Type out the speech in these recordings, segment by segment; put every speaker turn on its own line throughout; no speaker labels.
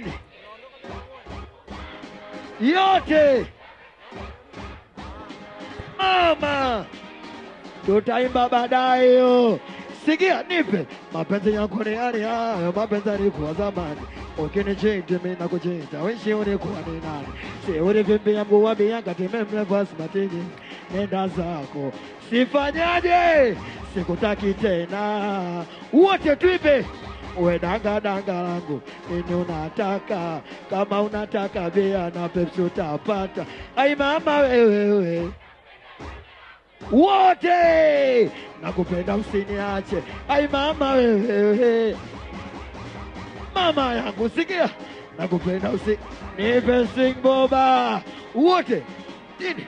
David yote. Mama, tutaimba baadaye hiyo. Sikia, nipe mapenzi yako ni yale hayo, mapenzi yalikuwa zamani ukinichinja mimi nakuchinja, wishi ulikuwa ni nani? Si ulivimbi yangu wa mianga nenda zako, sifanyaje? Sikutaki tena, wote tuipe uwe danga danga langu nini unataka? Kama unataka bia na Pepsi utapata. Ai mama wewewe wote nakupenda, ache Ai mama wewewe, mama yangu, sikia, nakupenda, usi nipe boba wote nini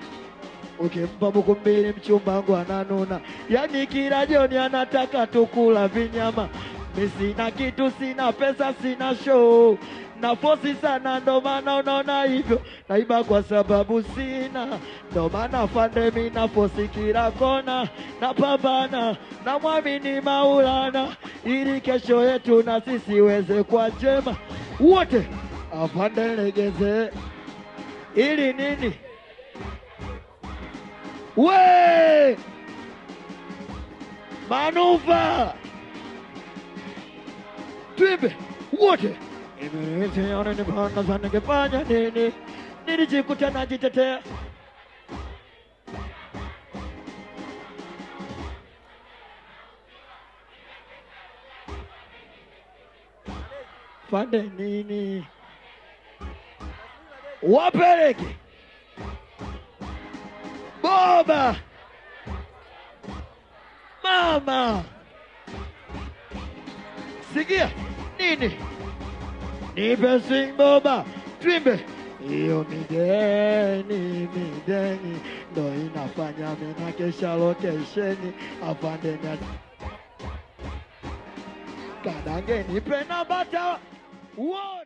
ukimpa buku mbili mchumba wangu ananuna, yani kila jioni anataka tukula vinyama Mi sina kitu, sina pesa, sina show na fosi sana, ndo maana unaona hivyo naiba, kwa sababu sina, ndo maana fande mi na fosi kila kona, napambana na mwamini Maulana ili kesho yetu na sisi weze kwa jema wote. Afande legeze ili nini we manufa vipi wote? Nimeona nimeangaza, ningefanya nini? Nilijikuta najitetea pande nini, wapeleke baba mama, sikia Queen. Neighbor sing Boba. Twimbe. Iyo mideni, mideni. Ndo inafanya mina kesha lokesheni. Afande na kadange nipe na bata. Whoa.